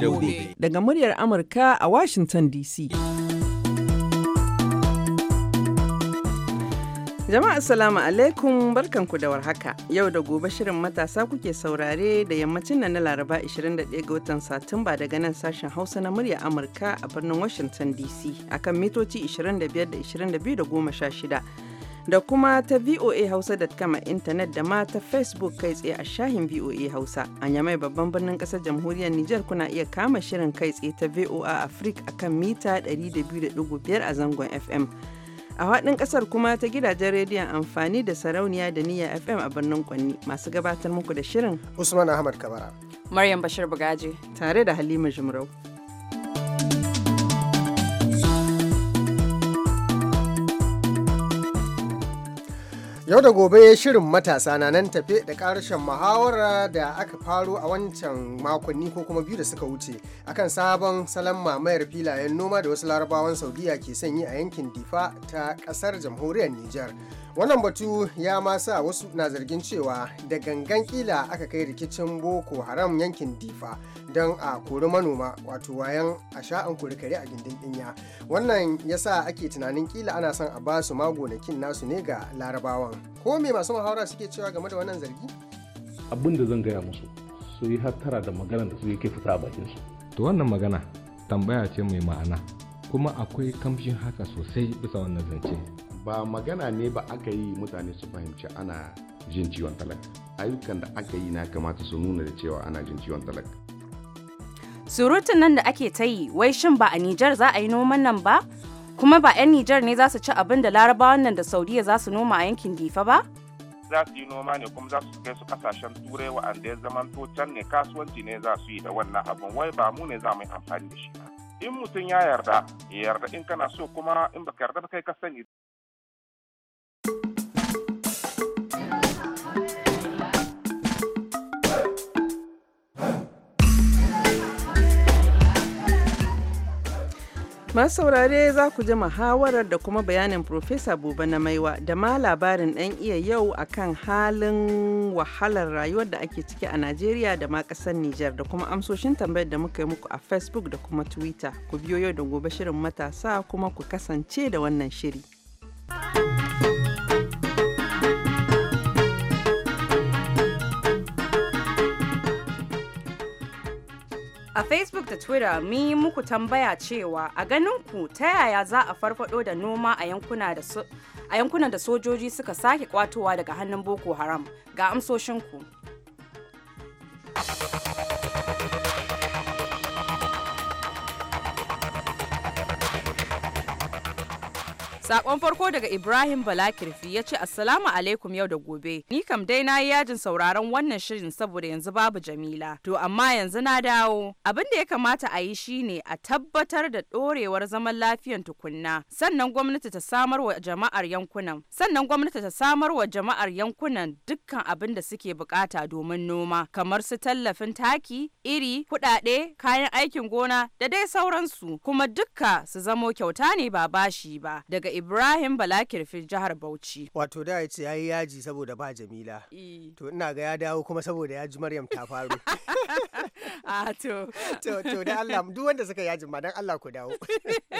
da gobe. Daga muryar Amurka a Washington DC. Jama'a Assalamu alaikum barkanku da warhaka. Yau da gobe shirin matasa kuke saurare da yammacin nan na Laraba 21 ga watan Satumba daga nan sashen Hausa na murya Amurka a birnin Washington DC akan mitoci 25 da 22 da 16. da kuma ta voa hausa hausa.com a intanet da ma ta facebook kai tsaye a shahin voa hausa a yamai babban birnin kasar jamhuriyar niger kuna iya kama shirin kai tsaye ta voa africa kan mita 200.5 a zangon fm a haɗin ƙasar kuma ta gidajen rediyon amfani da sarauniya da niyya fm a birnin kwanni masu gabatar muku da shirin usman ahmad kabara maryam bashir bugaji tare da halima jimrau Yau da gobe shirin matasa na nan tafe da karshen muhawara da aka faro a wancan makonni ko kuma biyu da suka wuce akan sabon salon mamayar filayen noma da wasu larabawan Saudiya ke son yi a yankin Difa ta kasar jamhuriyar Nijar. wannan batu ya ma sa wasu na zargin cewa da gangan kila aka kai rikicin boko haram yankin difa don a kori manoma wato wayan a sha'an kori kare a gindin dinya wannan ya sa ake tunanin kila ana son a basu magonakin nasu ne ga larabawan ko me masu mahaura suke cewa game da wannan zargi abin da zan gaya musu su yi hattara da magana da su yake fita a bakin su to wannan magana tambaya ce mai ma'ana kuma akwai kamshin haka sosai bisa wannan zance ba magana ne ba aka yi mutane su fahimci ana jin ciwon talaka ayyukan da aka yi na kamata su nuna da cewa ana jin ciwon talaka surutun nan da ake ta yi wai shin ba a nijar za a yi noman nan ba kuma ba 'yan nijar ne za su ci abin da larabawan nan da saudiya za su noma a yankin difa ba za su yi noma ne kuma za su kai su kasashen turai wa'anda ya zamanto can ne kasuwanci ne za su yi da wannan abin wai ba mu ne za mu yi amfani da shi ba in mutum ya yarda ya yarda in kana so kuma in baka yarda ba kai ka sani Masu saurare za ku ji muhawarar da kuma bayanin Profesa Buba na Maiwa da ma labarin ɗan iya yau a kan halin wahalar rayuwar da ake ciki a Najeriya da ma ƙasar Nijar da kuma amsoshin tambayar da muka yi muku a Facebook da kuma Twitter. Ku biyo yau da gobe shirin matasa kuma ku kasance da wannan shiri. A Facebook da Twitter mun yi muku tambaya cewa a ganin ku ta yaya za a farfado da noma a yankunan da sojoji suka sake kwatowa daga hannun Boko Haram ga amsoshinku. ku. Sakon farko daga Ibrahim Bala Kirfi ya ce Assalamu alaikum yau da gobe. Ni kam dai na yi yajin sauraron wannan shirin saboda yanzu babu Jamila. To amma yanzu na dawo. Abin da ya kamata a yi shine a tabbatar da dorewar zaman lafiyan tukunna. Sannan gwamnati ta samar wa jama'ar yankunan. Sannan gwamnati ta samar wa jama'ar yankunan dukkan abin da suke bukata domin noma, kamar su tallafin taki, iri, kuɗaɗe, kayan aikin gona da dai sauransu. Kuma dukka su zamo kyauta ne ba bashi ba. Daga Ibrahim Bala Kirfin jihar Bauchi. Wato da ya ce ya yi yaji saboda ba Jamila. E. To ina ga ya dawo kuma saboda ya ji Maryam ta faru. A to. To to da Allah duk wanda suka yajin ma dan Allah ku dawo.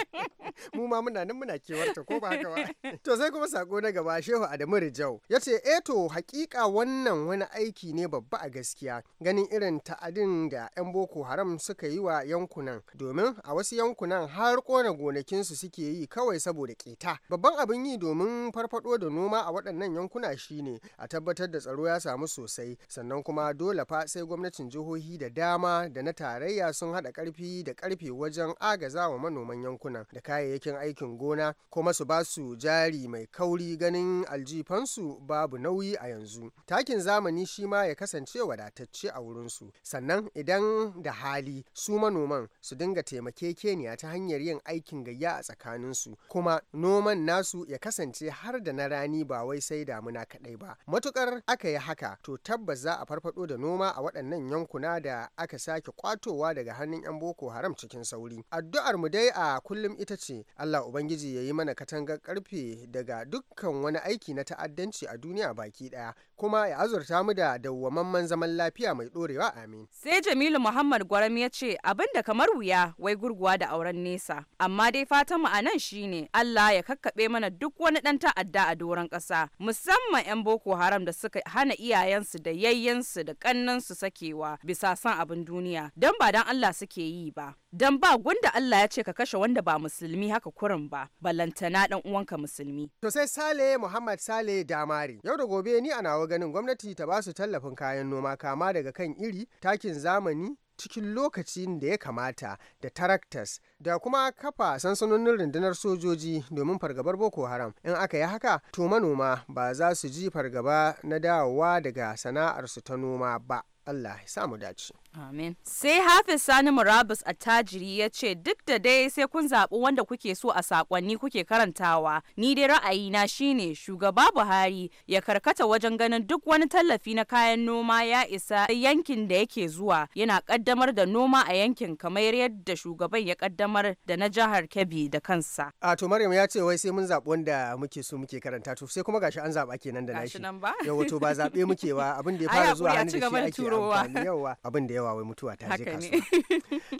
Mu ma muna nan muna kewarta ko ba haka ba. To sai kuma sako na gaba Shehu Adamu Rijau ya ce eh to hakika wannan wani aiki ne babba a gaskiya ganin irin ta'adin da 'yan Boko Haram suka yi wa yankunan domin a wasu yankunan har kona gonakinsu suke yi kawai saboda keta ta babban abin yi domin farfado da noma a waɗannan yankuna shine a tabbatar da tsaro ya samu sosai sannan kuma dole fa sai gwamnatin jihohi da dama da na tarayya sun haɗa ƙarfi da ƙarfe wajen agaza wa manoman yankunan da kayayyakin aikin gona kuma su ba su jari mai kauri ganin aljifansu babu nauyi a yanzu takin zamani shi ma ya kasance wadatacce a wurinsu sannan idan da hali su manoman su dinga taimakekeniya ta hanyar yin aikin gayya a tsakaninsu kuma noma noman nasu ya kasance har da na rani ba wai sai damuna kaɗai ba matukar aka yi haka to tabbas za a farfado da noma a waɗannan yankuna da aka sake kwatowa daga hannun 'yan boko haram cikin sauri addu'ar mu dai a kullum ita ce allah ubangiji ya yi mana katangar karfe daga dukkan wani aiki na ta'addanci a duniya baki ɗaya kuma ya azurta mu da dawwamamman zaman lafiya mai ɗorewa amin sai jamilu muhammad gwaram ya ce abin da kamar wuya wai gurguwa da auren nesa amma dai fatan mu a nan shine allah ya kakkaɓe mana duk wani ɗan ta'adda a doron ƙasa musamman 'yan boko haram da suka hana iyayensu da yayyensu da ƙannansu sakewa bisa san abin duniya don ba don Allah suke yi ba dan ba gunda Allah ya ce ka kashe wanda ba musulmi haka kurin ba balantana dan uwanka musulmi to sai Sale Muhammad Sale Damari yau da gobe ni a nawa ganin gwamnati ta ba su tallafin kayan noma kama daga kan iri takin zamani cikin lokacin da ya kamata da taraktas da kuma kafa sansanonin rundunar sojoji domin fargabar boko haram in aka yi haka to manoma ba za su ji fargaba na dawowa daga sana'arsu ta noma ba allah ya samu dace Amin. Sai Hafiz Sani Murabus attajiri ya ce duk da dai sai kun zaɓi wanda kuke so a sakonni kuke karantawa. Ni dai ra'ayina shine shugaba Buhari ya karkata wajen ganin duk wani tallafi na kayan noma ya isa yankin da yake zuwa yana kaddamar da noma a yankin kamar yadda shugaban ya kaddamar da na jihar Kebbi da kansa. A to Maryam ya ce wai sai mun zaɓi wanda muke so muke karanta to sai kuma gashi an zaɓa kenan da nashi. Gashi nan ba. Yawa to ba zaɓe muke ba abin da ya fara zuwa hannun da shi ake amfani yawa abin da yawa. cewa wai mutuwa ta je kasuwa.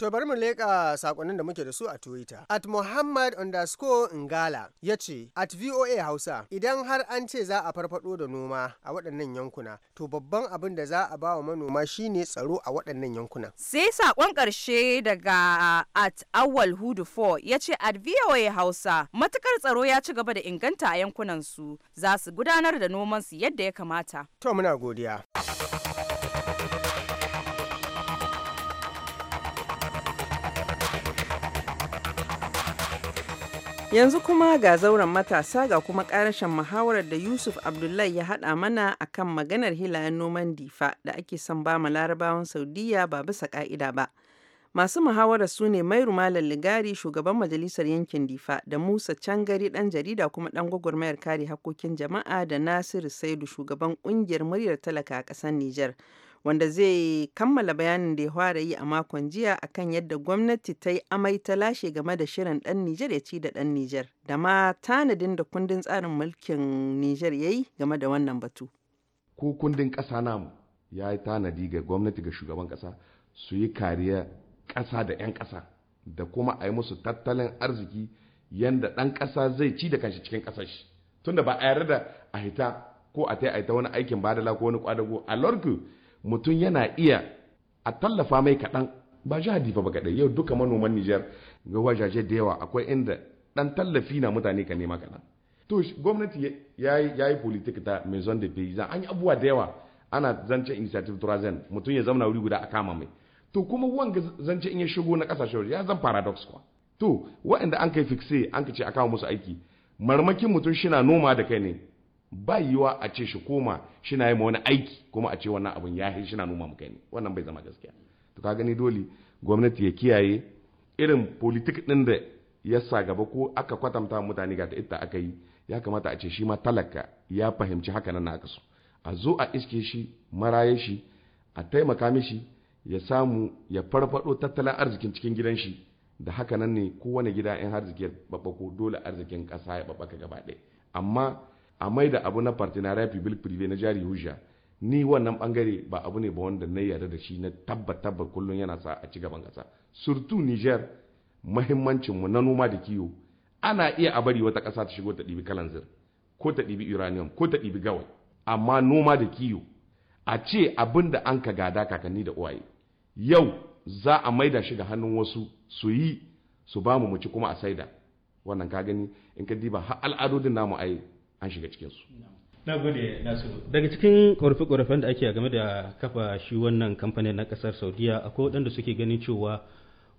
to bari mu leƙa sakonnin da muke da su a Twitter. At Muhammad underscore Ngala ya ce at VOA Hausa idan har an ce za a farfaɗo da noma a waɗannan yankuna to babban abin da za a ba wa manoma shine tsaro a waɗannan yankuna. Sai sakon ƙarshe daga uh, at Awal Hudu 4 ya ce at VOA Hausa matukar tsaro ya ci gaba da inganta a yankunan su za su gudanar da noman su yadda ya kamata. To muna godiya. Yanzu kuma ga zauren matasa ga kuma karashen muhawarar da Yusuf Abdullahi ya haɗa mana akan maganar hilayen noman difa da ake son ba ma larabawan Saudiya ba bisa ka'ida ba. Masu muhawarar su ne Mairu rumalar Ligari shugaban majalisar yankin Difa da Musa Cangari dan jarida kuma ɗan gwagwarmayar kare hakokin jama'a da Nasiru Saidu shugaban ƙungiyar muryar talaka a ƙasar Nijar. wanda zai kammala bayanin da ya fara yi a makon jiya akan yadda gwamnati ta yi amai ta lashe game da shirin ɗan Nijar ya ci da ɗan Nijar da ma tanadin da kundin tsarin mulkin Nijar ya yi game da wannan batu. Ko kundin ƙasa namu ya yi tanadi ga gwamnati ga shugaban ƙasa su yi kariya ƙasa da 'yan ƙasa da kuma a yi musu tattalin arziki yadda ɗan ƙasa zai ci da kanshi cikin ƙasar shi tunda ba a yarda da a hita ko a ta yi a ta wani aikin badala ko wani kwadago a lorku mutum yana iya a tallafa mai kaɗan ba jihadi hadifa ba kaɗai yau duka manoman Nijar ga wajaje da yawa akwai inda ɗan tallafi na mutane ka nema kaɗan. To gwamnati ya yi politik ta maison de paysan an yi abubuwa da yawa ana zance initiative turazen mutum ya zama wuri guda a kama mai. To kuma wanga zance in ya shigo na ƙasashen ya zan paradox kuwa. To wa'anda an kai fixe an ka ce a kawo musu aiki marmakin mutum shina noma da kai ne ba yiwa a ce shi koma shi na yi ma wani aiki kuma a ce wannan abin ya shi na noma muka ne wannan bai zama gaskiya to ka gani dole gwamnati ya kiyaye irin politik din da ya sa gaba ko aka kwatanta mutane ga ta ita aka yi ya kamata a ce shi ma talaka ya fahimci haka nan aka so a zo a iske shi maraye shi a taimaka mishi ya samu ya farfado tattalin arzikin cikin gidan shi da haka nan ne kowane gida in arziki ya babbako dole arzikin ƙasa ya babbaka gaba ɗaya amma a mai da abu na partenariat public privé na jari hujja ni wannan bangare ba abu ne ba wanda na yarda da shi na tabbatabba kullum yana sa a ci gaban kasa surtout niger mahimmancin mu na noma da kiwo ana iya a bari wata kasa ta shigo ta ɗibi kalanzir ko ta ɗibi uranium ko ta ɗibi gawai amma noma da kiwo a ce abin da an ka gada kakanni da uwaye yau za a maida shi ga hannun wasu su yi su ba mu mu ci kuma a saida wannan ka gani in ka diba har al'adodin namu ai an shiga cikinsu. na gode nasiru daga cikin ƙorafe-ƙorafen da ake game da kafa shi wannan kamfanin na ƙasar saudiya akwai waɗanda suke ganin cewa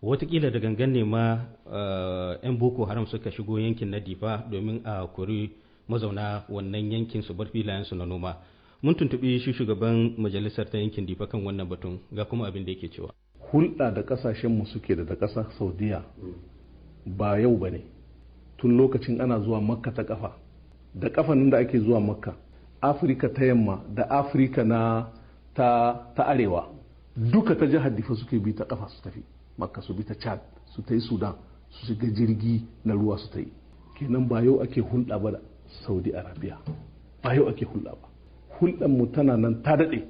watakila da gangan ne ma eh, 'yan boko haram suka shigo yankin na difa domin a kori mazauna wannan yankin su bar filayensu na noma mun tuntuɓi shi shugaban majalisar ta yankin difa kan wannan batun ga kuma abin da yake cewa hulɗa da ƙasashenmu suke da da ƙasar saudiya ba yau ba ne tun lokacin ana zuwa makka ta ƙafa da kafanin da ake zuwa makka afirka ta yamma da afirka na ta, arewa duka ta jihar difa suke bi ta kafa su tafi makka su bi ta chad su ta yi sudan su shiga jirgi na ruwa su ta yi kenan ba yau ake hulɗa ba da saudi arabia ba yau ake hulɗa ba hulɗan mu tana nan ta daɗe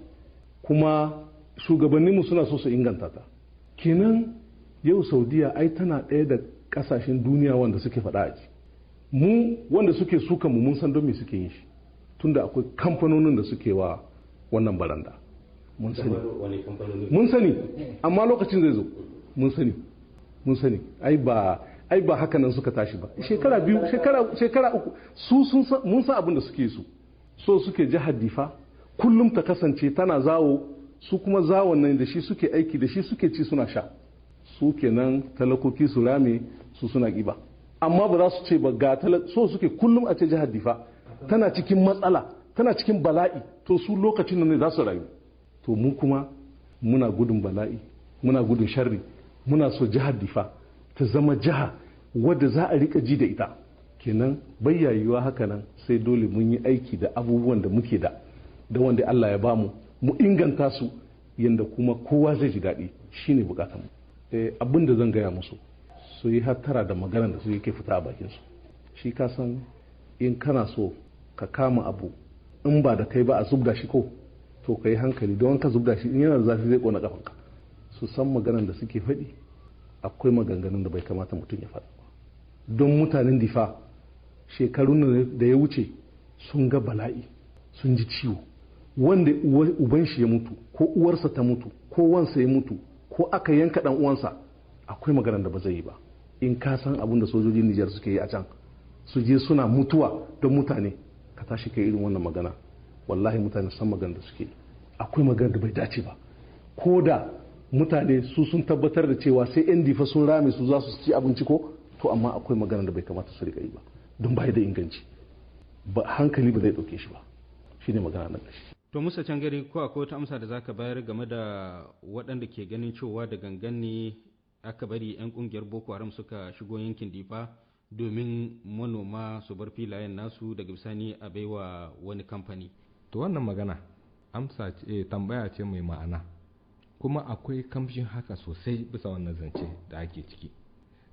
kuma mu suna so su inganta ta kenan yau saudiya ai tana ɗaya da ƙasashen duniya wanda suke faɗa a ji mu wanda suke suka mu mun san don me suke yin shi tunda akwai kamfanonin da suke wa wannan baranda mun sani mun sani amma lokacin zai zo mun sani mun sani ai ba ai ba haka nan suka tashi ba shekara biyu shekara shekara uku su sun mun san abin da suke su so suke jihar difa kullum ta kasance tana zawo su kuma zawon nan da shi suke aiki da shi suke ci suna sha su kenan talakoki su rame su suna kiba amma ba za su ce ba ga so suke kullum a ce jihar difa tana cikin matsala tana cikin bala'i to su lokacin ne za su rayu to mu kuma muna gudun bala'i muna gudun sharri muna so jihar difa ta zama jiha wadda za a rika ji da ita kenan bayyayuwa haka nan sai dole mun yi aiki da abubuwan da muke da da wanda Allah ya bamu mu inganta su yanda kuma kowa zai ji daɗi shine mu eh, abin da zan gaya musu su yi hattara da magana da su yake fita a bakinsu shi ka san in kana so ka kama abu in ba da kai ba a zubda shi ko to ka yi hankali don ka zubda shi in yana da zafi zai kona kafanka su san maganar da suke faɗi akwai maganganun da bai kamata mutum ya faɗa don mutanen difa shekarun da ya wuce sun ga bala'i sun ji ciwo wanda uban shi ya mutu ko uwarsa ta mutu ko wansa ya mutu ko aka yanka dan uwansa akwai maganar da ba zai yi ba in ka san abin da sojojin Nijar suke yi a can su je suna mutuwa don mutane ka tashi kai irin wannan magana wallahi mutane san magana da suke akwai magana da bai dace ba ko da mutane su sun tabbatar da cewa sai yan difa sun rame su za su ci abinci ko to amma akwai magana da bai kamata su riƙa yi ba don bai da inganci ba hankali ba zai ɗauke shi ba shine magana na ƙarshe To Musa can gari ko akwai wata amsa da zaka bayar game da waɗanda ke ganin cewa da gangan ne aka bari 'yan kungiyar boko haram suka shigo yankin difa domin manoma su bar filayen nasu daga bisani a baiwa wani kamfani to wannan magana amsa ce eh, tambaya ce mai ma'ana kuma akwai kamshin haka sosai bisa wannan zance da ake ciki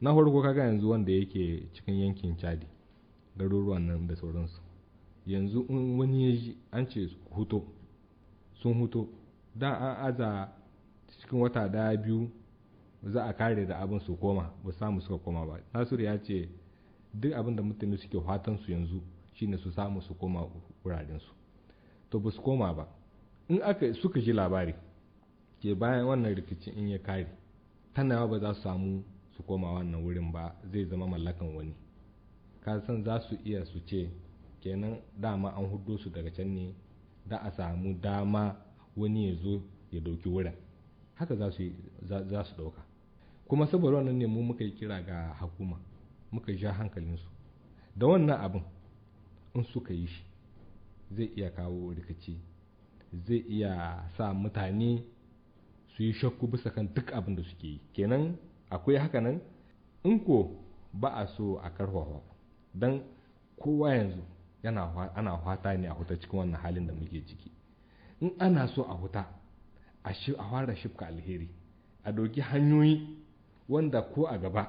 na farko kaga yanzu wanda yake cikin yankin chadi garuruwan nan da sauransu yanzu wani ya ji an ce huto sun huto da an aza cikin wata daya biyu za a kare da abin su koma ba samu suka koma ba nasiru ya ce duk abin da mutane suke fatan su yanzu shine su samu su koma wuraren su to ba su koma ba in aka suka ji labari ke bayan wannan rikicin in ya kare tanawa ba za su samu su koma wannan wurin ba zai zama mallakan wani ka san za su iya su ce kenan dama an hudo su daga can ne da a samu dama wani ya zo ya dauki wurin haka za su ɗauka kuma saboda wannan ne mu muka yi kira ga hakuma, muka ja hankalinsu da wannan abin in suka yi shi zai iya kawo rikici zai iya sa mutane su yi shakku bisa kan duk abin da suke yi kenan akwai nan? in ko ba a so a karfafa don kowa yanzu yana ana hwata ne a huta cikin wannan halin da muke ciki in ana so a huta a fara shifka alheri a ɗauki hanyoyi wanda ko a gaba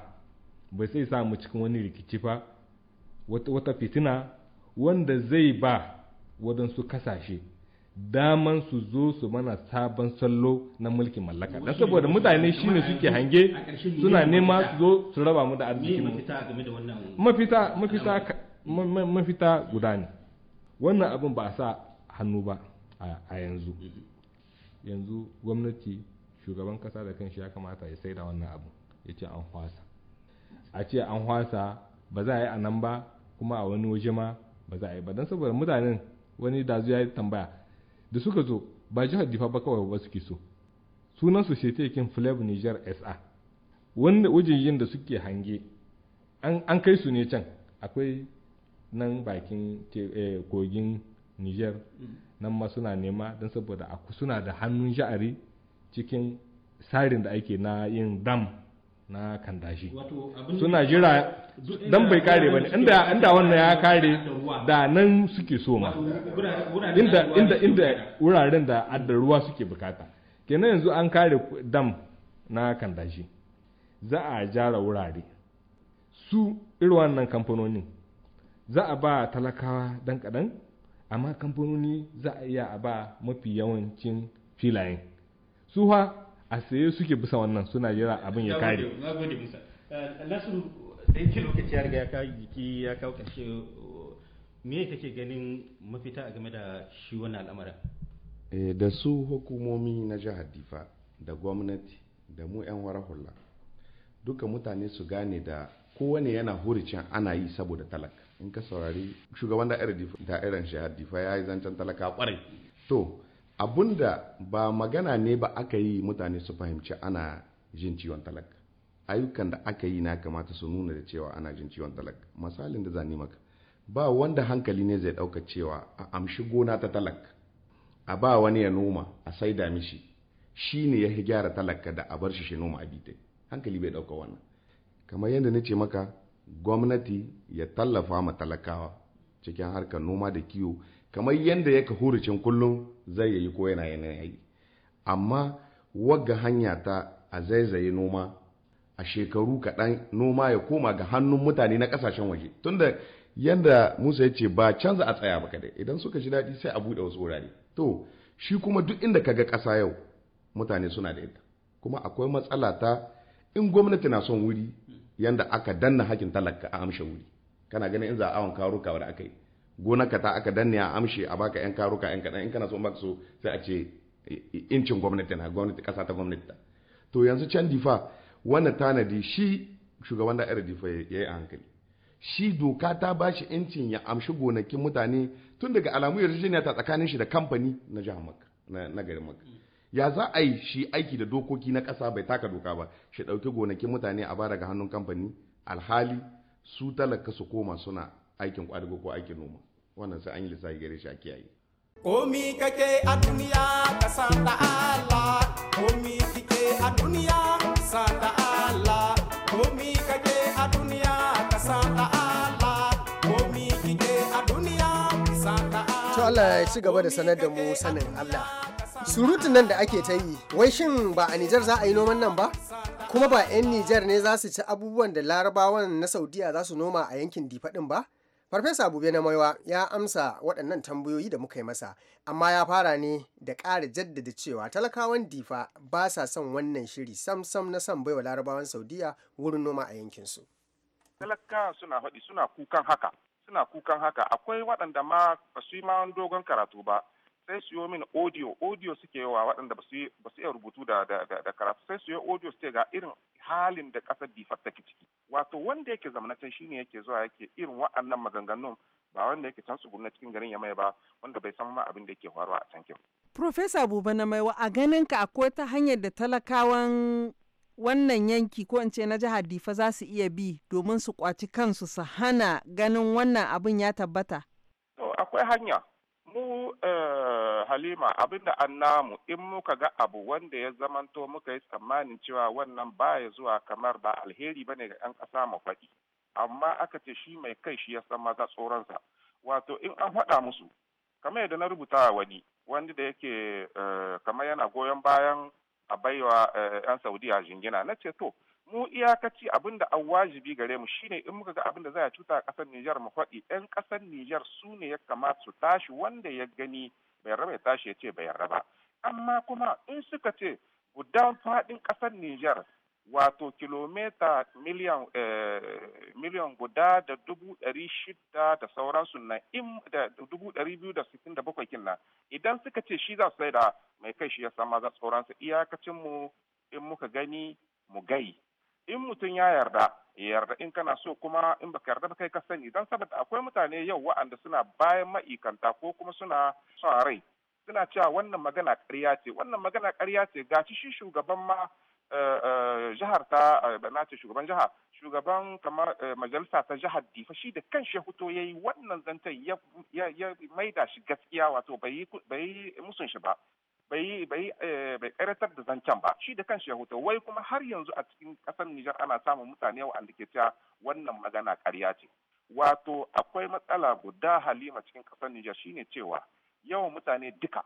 bai sai sa mu cikin wani rikici ba wata fitina wanda zai ba wadansu kasashe daman su zo su mana sabon sallo na mulkin mallaka don saboda mutane shine suke hange suna nema su zo su raba mu da arziki mafita mafita mafita guda ne wannan abin ba a sa hannu ba a yanzu mm-hmm. yanzu gwamnati shugaban kasa da kanshi ya kamata ya saida wannan abu ya ce an hwasa a ce an hwasa ba za a yi a nan ba kuma a wani waje ma ba za a yi ba don saboda mutanen wani da ya tambaya da suka zo ba jihar difa ba kawai ba suke so sunan su ce tekin flav niger sa wanda wajen da suke hange an kai su ne can akwai nan bakin eh, kogin niger nan ma suna nema don saboda suna da hannun sha'ari cikin tsarin da ake na yin dam na kandashi suna jira dan bai kare bane inda inda wannan ya kare da nan suke so ma inda inda wuraren da adda suke bukata kenan yanzu an kare dam na kandashi za a jara wurare su irin wannan kamfanonin za a ba talakawa dan kadan amma kamfanoni za a iya a ba mafi yawancin filayen su ha a saye suke bisa wannan suna jira abin ya kare eh, da yake ya riga jiki ya kawo ƙarshe me kake ganin mafita a game da shi al'amarin eh, da su hukumomi na jihar difa da gwamnati da mu 'yan warahula duka mutane su gane da kowane yana huricin ana yi saboda talaka in ka saurari shugaban da'irar difa da'irar jihar difa ya yi zancen talaka kwarai to da ba magana ne ba aka yi mutane su fahimci ana jin ciwon talak ayyukan da aka yi na kamata su nuna da cewa ana jin ciwon talak misalin da zani maka ba wanda hankali ne zai ɗauka cewa a amshi gona ta talak a ba wani ya noma a saida mishi shi ne ya gyara talaka da a bar shi shi noma a bitai hankali bai ɗauka wannan kamar yadda na ce maka gwamnati ya tallafa ma talakawa cikin harkar noma da kiwo kamar yadda ya kahuricin kullum zai yi ko yana yanayi. amma wagga hanya ta a zaizaye noma a shekaru kaɗan noma ya koma ga hannun mutane na ƙasashen waje tunda yadda musa ya ce ba canza a tsaya ba kadai idan suka ji daɗi sai a buɗe wasu wurare to shi kuma duk inda ka ga ƙasa yau mutane suna da ita kuma akwai matsala ta in gwamnati na son wuri yadda aka danna hakin talaka a amshe wuri kana ganin in za a awon rukawa da aka yi gonarka ta aka danne a amshe a baka yan karuka yan kaɗan in kana so in ka so sai a ce incin gwamnati na gwamnati ƙasa ta gwamnati ta to yanzu can difa wannan tanadi shi shugaban da'irar difa ya yi a hankali shi doka ta ba incin ya amshi gonakin mutane tun daga alamu yarjejeniya ta tsakanin shi da kamfani na jihar makka na garin makka ya za a yi shi aiki da dokoki na ƙasa bai taka doka ba shi ɗauki gonakin mutane a ba daga hannun kamfani alhali su talaka su koma suna aikin kwadugo ko aikin noma wannan sai an yi lissafi gare shi a kiyaye komi kake a duniya ka santa da Allah komi kike a duniya ka san da Allah komi kake a duniya ka santa da Allah komi kike a duniya ka san Allah to Allah ya ci gaba da sanar da mu sanin Allah surutun nan da ake ta yi wai shin ba a Nijar za a yi noman nan ba kuma ba 'yan Nijar ne za su ci abubuwan da larabawan na Saudiya za su noma a yankin difaɗin ba farfesa abube na maiwa ya amsa waɗannan tambayoyi da muka yi masa amma ya fara ne da ƙara jaddada cewa talakawan difa ba sa son wannan shiri sam-sam na son baiwa larabawan saudiya wurin noma a yankinsu talakawa suna faɗi suna kukan haka suna kukan haka akwai waɗanda ma ba su yi ma dogon karatu ba sai siyo mini audio audio suke yawa waɗanda ba su iya rubutu da da karatu sai yi audio suke ga irin halin da ƙasar difar take ciki wato wanda yake zamanacin shine yake zuwa yake irin waɗannan maganganun ba wanda yake can su na cikin garin ya mai ba wanda bai san ma abin da yake faruwa a can kyau. Profesa Buba na Maiwa a ganin ka akwai ta hanyar da talakawan wannan yanki ko in ce na jihar Difa za su iya bi domin su kwaci kansu su hana ganin wannan abin ya tabbata. akwai hanya mu eh, halima abinda an namu in muka ga abu wanda ya zamanto muka yi tsammanin cewa wannan baya zuwa kamar ba alheri ne ga 'yan ƙasa mu faɗi amma aka ce shi mai kai shi ya san maza tsoronsa wato in an faɗa musu kamar yadda na rubuta wani wanda da yake eh, kamar yana goyon bayan a baiwa 'yan eh, saudiya jingina na ce to mu iyakaci abin da an wajibi gare mu shine in muka ga abin da za a cuta a ƙasar Nijar mu faɗi ɗan ƙasar Nijar su ne ya kamata su tashi wanda ya gani bai raba ya tashi ya ce bai raba amma kuma in suka ce gudan faɗin ƙasar Nijar wato kilomita miliyan eh, miliyan guda da dubu ɗari shida da sauransu na in da dubu ɗari biyu da sittin da bakwai kin idan suka ce shi za su sai da mai kai shi ya sama za iyakacin mu in muka gani mu gai in mutum ya yarda yarda in kana so kuma in baka yarda kai ka sani don saboda akwai mutane yau wa'anda suna bayan ma'ikanta ko kuma suna son rai suna cewa wannan magana ƙarya ce wannan magana ƙarya ce gaci shi shugaban ma eh, eh, jihar ta eh, na ce shugaban jiha shugaban kamar majalisa ta jihar difa shi da kan shi huto ya yi wannan zantai ya maida shi gaskiya wato bai yi musun shi ba bai bai eh, bai karatar da zancen ba shi da kanshi ya hoto wai kuma har yanzu a cikin kasar Nijar ana samun mutane wa'anda ke cewa wannan magana ƙarya ce wato akwai matsala guda halima cikin kasar Nijar shine cewa yawan mutane duka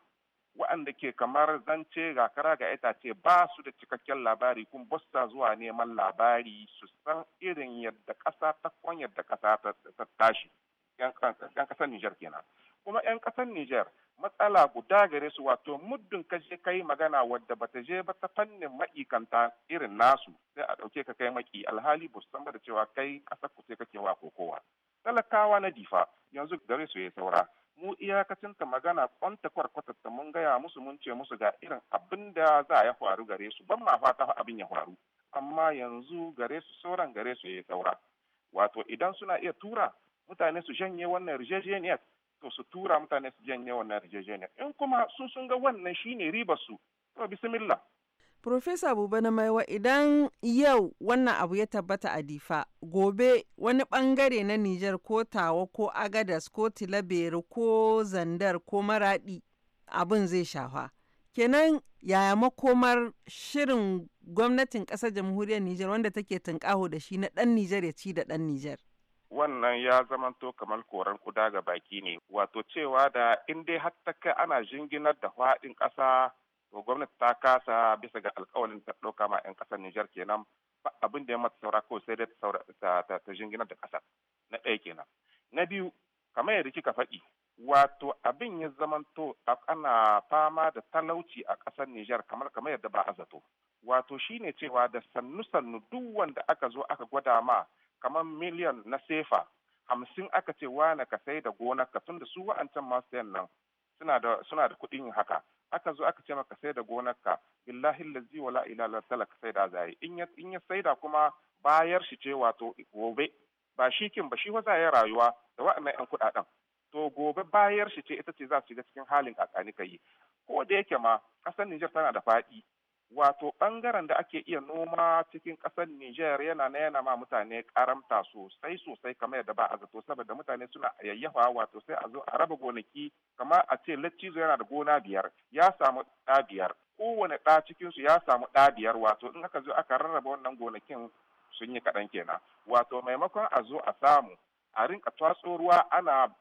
wa'anda ke kamar zance ga kara ga itace ba su da cikakken labari kun bosta zuwa neman labari su san irin yadda ƙasa ta kwan yadda ƙasa ta tashi yan kasar Nijar kenan kuma yan ƙasar Nijar matsala guda gare su wato muddin ka je kai magana wadda bata je ba ta fannin ma'ikanta irin nasu sai a ɗauke ka kai maki alhali ba san da cewa kai ƙasar ku sai kake wa kowa talakawa na difa yanzu gare su ya saura mu iyakacinta magana kwanta ta mun gaya musu mun ce musu ga irin abin da za ya faru gare su ban ma fata abin ya faru amma yanzu gare su sauran gare su ya saura wato idan suna iya tura mutane su shanye wannan yarjejeniyar to su tura mutane su janye wannan yarjejeniyar in kuma sun sun ga wannan shine ribar su to bismillah Profesa Abuba na Maiwa idan yau wannan abu ya tabbata a Difa, gobe wani bangare na Nijar ko Tawa ko Agadas ko Tilabere ko Zandar ko Maradi abin zai shafa. Kenan yaya makomar shirin gwamnatin ƙasar jamhuriyar Nijar wanda take tunƙaho da shi na ɗan Nijar ya ci da ɗan Nijar? wannan ya zamanto kamar koran kuda ga baki ne wato cewa da in dai kai ana jinginar da faɗin ƙasa to gwamnati ta kasa bisa ga alƙawarin ta ɗauka ma 'yan ƙasar Nijar kenan ba abin da ya mata saura kawai sai dai ta jinginar da ƙasar na ɗaya kenan na biyu kamar yadda kika faɗi wato abin ya zamanto ana fama da talauci a ƙasar Nijar kamar kamar yadda ba a zato wato shine cewa da sannu sannu duk wanda aka zo aka gwada ma kamar miliyan na sefa hamsin aka ce wane ka sai da gonar ka tun da su wa'ancan masu sayan nan suna da suna da kuɗin haka aka zo aka ce maka sai da gonar ka billahi lazi wala ka sai da zai in ya in ya sai da kuma bayar shi ce wato gobe ba shi kin ba shi wa zai rayuwa da wa'annan yan kuɗaɗen to gobe bayar shi ce ita ce za su shiga cikin halin kakani kai ko da yake ma ƙasar Nijar tana da faɗi wato bangaren da ake iya noma cikin kasar Nijar yana na yana ma mutane karamta sosai sosai kamar yadda ba a zato saboda mutane suna yayyafa wato sai a zo a raba gonaki kamar a ce laccizo yana da gona biyar ya samu ɗa biyar kowane ɗa cikinsu ya samu ɗa biyar wato in aka zo aka rarraba wannan gonakin sun yi kaɗan kenan wato maimakon a zo a samu a rinka tatso ruwa ana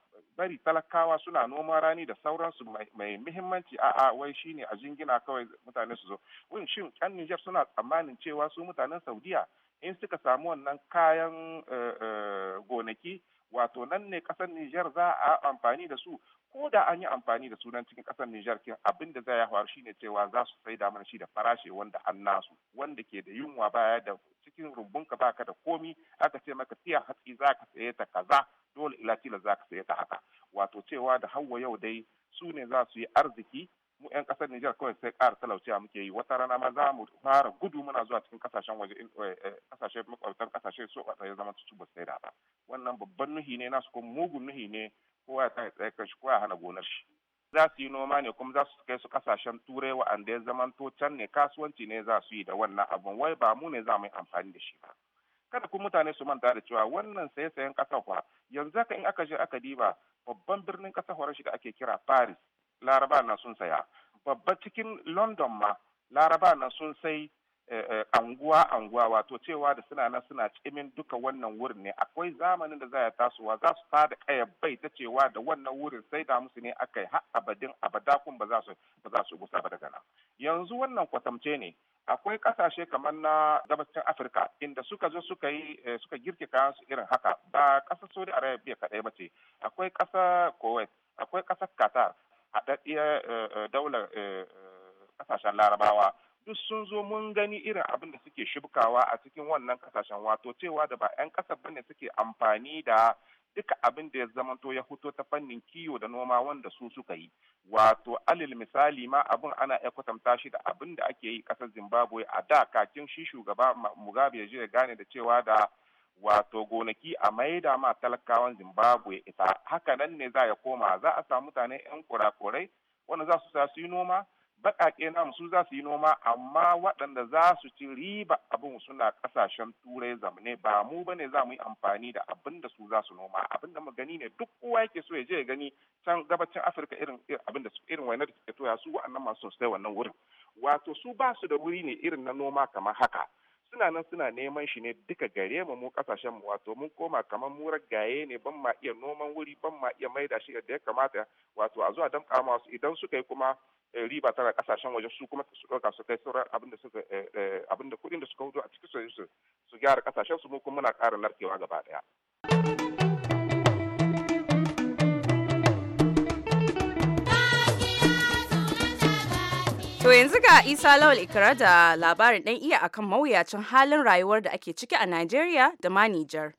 bari talakawa suna noma rani da sauransu mai muhimmanci a wai shine a jingina kawai mutane su zo shin yan Nijar suna tsammanin cewa su mutanen Saudiya in suka samu wannan kayan eh, eh, gonaki wato nan ne kasar Nijar za a amfani da su ko da an yi amfani da sunan cikin kasar Nijar kin abin da zai ya faru shine cewa za su saida mana shi da farashi wanda an nasu wanda ke da yunwa baya da cikin rumbunka baka da komi aka ce maka tiya hatsi za ka saye ta kaza dole ila kila za ka saye ta haka wato cewa da hawa yau dai su ne za su yi arziki mu 'yan kasar Nijar kawai sai ƙara talauciya muke yi wata rana ma za mu fara gudu muna zuwa cikin kasashen waje kasashe eh, eh, makwabtan kasashe so ba ya zama su ba sai da ba wannan babban nuhi ne nasu kuma mugun nuhi ne kowa ya tsaya tsaye shi kowa ya hana gonar shi za su yi noma ne kuma za su kai su kasashen turai wa'anda ya zamanto can ne kasuwanci ne za su yi da wannan abun wai ba mu ne za mu yi amfani da shi ba kada ku mutane su manta da cewa wannan saye-sayen ƙasa fa yanzu haka in aka je aka diba babban birnin ƙasa horar shi da ake kira paris laraba na sun saya babba cikin london ma laraba na sun sai eh, eh, anguwa anguwa wato cewa da suna nan suna cimin duka wannan wurin ne akwai zamanin da za ya tasowa za su fada kaya bai ta cewa da wannan wurin sai da musu ne aka yi har abadin abada kun ba za su ba za su gusa ba daga nan yanzu wannan kwatamce ne akwai kasashe kamar na gabacin afirka inda suka zo suka yi eh, suka girke kayan su irin haka ba kasar saudi arabia kadai ba ce akwai kasar kuwait akwai kasar qatar haɗaɗɗiyar eh, eh, daular kasashen larabawa duk sun zo mun gani irin abin da suke shibkawa a cikin wannan kasashen wato cewa da ba 'yan kasar bane suke amfani da duka abin da ya zamanto ya fito ta fannin kiwo da noma wanda su suka yi wato alil misali ma abin ana iya kwatanta shi da abin da ake yi kasar zimbabwe a da kakin shi shugaba mugabe ya je gane da cewa da wato gonaki a maida ma talakawan zimbabwe ita haka nan ne za ya koma za a samu mutane yan kurakurai wanda za su sa su yi noma baƙaƙe namu su za su yi noma amma waɗanda za su ci riba abin suna ƙasashen turai zamane ba mu ba ne za mu yi amfani da abin da su za su noma abin da mu gani ne duk kowa yake so ya je ya gani can gabacin afirka irin abin da su irin wainar da suke toya su waɗannan masu sosai wannan wurin wato su ba su da wuri ne irin na noma kamar haka suna nan suna neman shi ne duka gare mu mu kasashen mu wato mun koma kamar mu gaye ne ban ma iya noman wuri ban ma iya maida shi yadda ya kamata wato a zuwa damƙa masu idan suka yi kuma Eh, riba tana kasashen waje su kuma su ɗauka su kai sauran abinda da suka eh, eh, kuɗin da suka hudu a cikin su su gyara kasashen su mu kuma muna ƙara narkewa gaba ɗaya. To yanzu ga Isa Lawal ikira da labarin ɗan iya akan mawuyacin halin rayuwar da ake ciki a Najeriya da ma Nijar.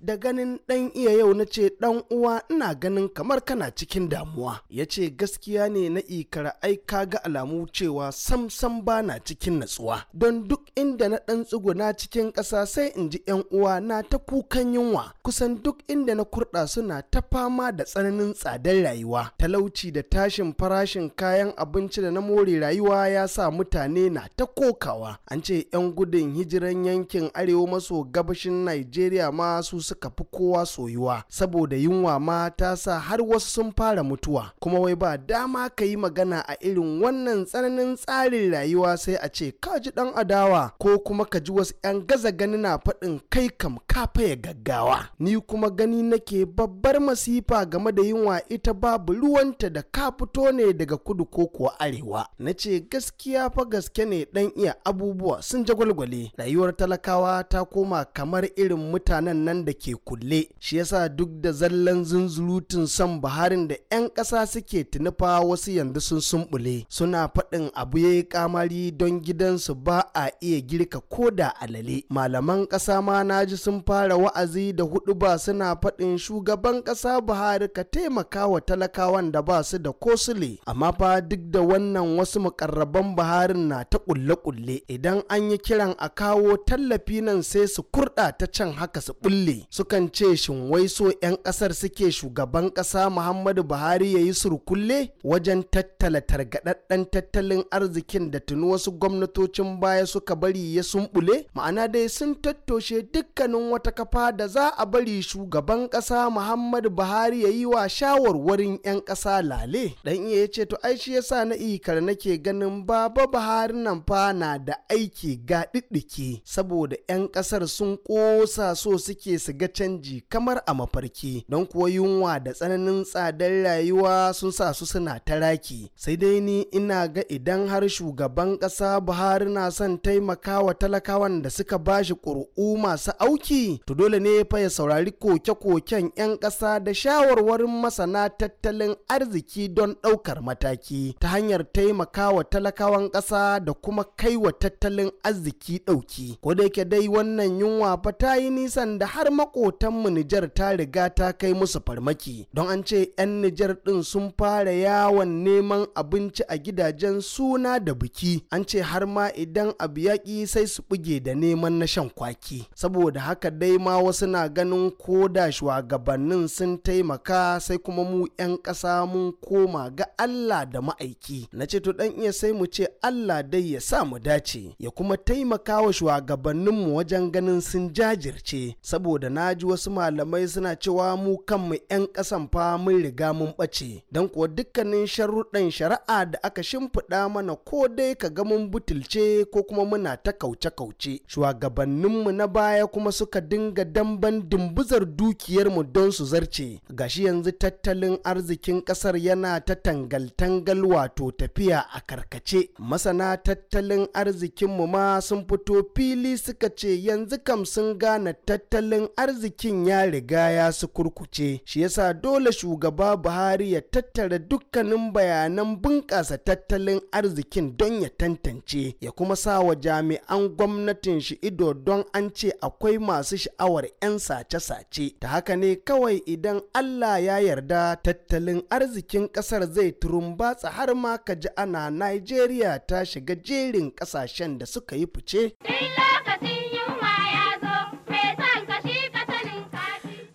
da ganin ɗan iya yau na ce ɗan uwa ina ganin kamar kana cikin damuwa ya ce gaskiya ne na ikara ai ga alamu cewa sam sam ba na cikin natsuwa don duk inda na ɗan tsuguna cikin ƙasa sai in ji yan uwa na ta kukan yunwa kusan duk inda na kurɗa suna ta fama da tsananin tsadar rayuwa talauci da tashin farashin kayan abinci da na more rayuwa ya sa mutane na ta kokawa an ce yan gudun hijiran yankin arewa maso gabashin Najeriya ma su suka fi kowa soyuwa saboda yunwa ma ta sa har wasu sun fara mutuwa kuma wai ba dama ka yi magana a irin wannan tsananin tsarin rayuwa sai a ce ka ji dan adawa ko kuma ka ji wasu 'yan gaza gani na faɗin kai kam ka ya gaggawa ni kuma gani nake babbar masifa game da yunwa ita babu ruwanta da ka fito ne daga kudu ko kuwa arewa na ce gaskiya fa gaske ne dan iya abubuwa sun jagwalgwale rayuwar talakawa ta koma kamar irin mutanen nan da ke kulle shi yasa duk da zallan zunzurutun son baharin da 'yan ƙasa suke tunufa wasu yanzu sun sumbule suna faɗin abu ya kamari don gidansu ba a iya girka ko da alale malaman ƙasa ma naji sun fara wa'azi da hudu ba suna faɗin shugaban ƙasa buhari ka taimaka wa talakawan da ba su da kosule amma fa duk da wannan wasu mukarraban buharin na ta kulle-kulle idan an yi kiran a kawo tallafi nan sai su kurɗa ta can haka su bulle sukan ce shin wai so 'yan ƙasar suke shugaban ƙasa Muhammadu Buhari ya yi surkulle wajen tattala targaɗaɗɗen tattalin arzikin da tuni wasu gwamnatocin baya suka bari ya sumbule ma'ana dai sun tattoshe dukkanin wata kafa da za a bari shugaban ƙasa Muhammadu Buhari ya yi wa shawarwarin 'yan ƙasa lale. Dan iya ya ce to ai shi yasa na ikar nake ganin baba Buhari nan fa na da aiki ga ɗiɗɗike saboda 'yan ƙasar sun ƙosa so suke su ga canji kamar a mafarki don kuwa yunwa da tsananin tsadar rayuwa sun sa su suna taraki sai dai ni ina ga idan har shugaban ƙasa buhari na son taimaka wa talakawan da suka bashi ƙuri'u masu auki to dole ne fa ya saurari koke-koken 'yan ƙasa da shawarwarin masana tattalin arziki don ɗaukar mataki ta hanyar taimaka wa talakawan ƙasa da kuma kai wa tattalin arziki ɗauki ko da yake dai wannan yunwa fa ta yi nisan da har makotanmu Nijar ta riga ta kai musu farmaki don an ce 'yan Nijar ɗin sun fara yawon neman abinci a gidajen suna da biki an ce har ma idan abu yaƙi sai su buge da neman na shan kwaki saboda haka dai ma wasu na ganin ko da shugabannin sun taimaka sai kuma mu 'yan ƙasa mun koma ga Allah da ma'aiki na ce to dan iya sai mu ce Allah dai ya sa mu dace ya kuma taimaka wa shugabanninmu wajen ganin sun jajirce saboda na ji wasu malamai suna cewa mu kanmu 'yan ƙasan fa mun riga mun ɓace don kuwa dukkanin sharuɗan shari'a da aka shimfiɗa mana ko dai ka ga mun butulce ko kuma muna ta kauce-kauce shugabanninmu na baya kuma suka dinga damban dimbuzar dukiyarmu don su zarce gashi yanzu tattalin arzikin ƙasar yana ta tangal-tangal wato tafiya a karkace masana tattalin arzikinmu ma sun fito fili suka ce yanzu kam sun gane tattalin arzikin arzikin ya riga ya su kurkuce shi yasa dole shugaba buhari ya tattara dukkanin bayanan bunƙasa tattalin arzikin don ya tantance ya kuma sa wa jami'an gwamnatin shi ido don an ce akwai masu sha'awar 'yan sace-sace ta haka ne kawai idan allah ya yarda tattalin arzikin ƙasar zai turumbatsa har ma ka ji ana nigeria ta shiga jerin ƙasashen da suka yi fice.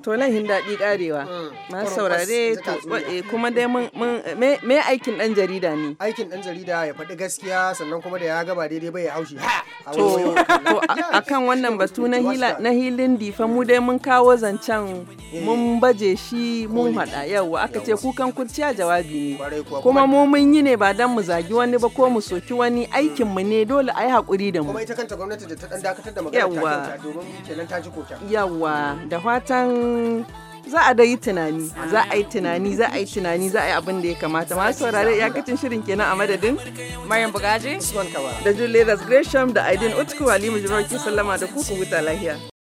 To laihin daɗi ƙarewa. Mm. Ma saurare eh, kuma dai mun me aikin ɗan jarida ne? Aikin ɗan jarida ya faɗi gaskiya sannan kuma da ya gaba daidai bai ya haushi. To a kan wannan batu na hilin difa mu dai mun kawo zancen eh. mun baje shi mun haɗa yawa aka ce kukan kurciya jawabi ne. Kuma mu mun yi ne ba dan mu zagi wani ba ko mu soki wani aikin mu ne dole a yi haƙuri da mu. Kuma ita kanta gwamnati da ta ɗan dakatar da magana ta kyauta domin kenan ta ji koken. Yawa da fatan za a da yi tunani za a yi tunani za a yi tunani za a yi abin da ya kamata masu saurare iyakacin shirin kenan a madadin mayan bugaji da julius gresham da aidin utku halima jirar ki sallama da kuku huta lahiya